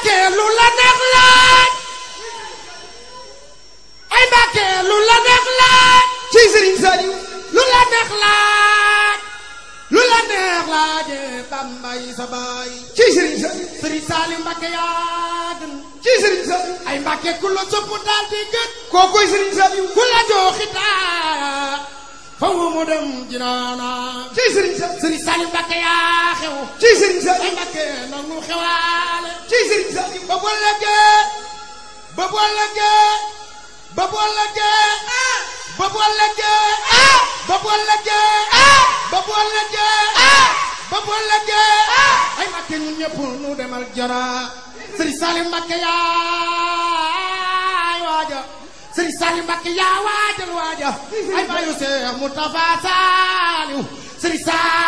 mbàkkee lu la neex lu la neex laaj ci sëriñ Saliou lu la sa baay ci sëriñ Saliou sëriñ ay mbàkkee ku la sopp daal di gën kookoy sëriñ Saliou ku la jooxi daa mu dem jinaana. ci Serigne Saliou Serigne Saliou Mbacké yaa xew. ci Serigne Saliou Mbacké bu ëllëgee ba bu ëllëgee ba bu ëllëgee ba bu ëllëgee ba bu ba bu ëllëgee ba bu ay Mbakke ñun ñëpp ñu demal jara Sëriñ Salim Mbakke yaay waaja Sëriñ Salim Mbakke yaa waajal waaja ay baayu Seex Mustafaa Saaliw Sëriñ Salim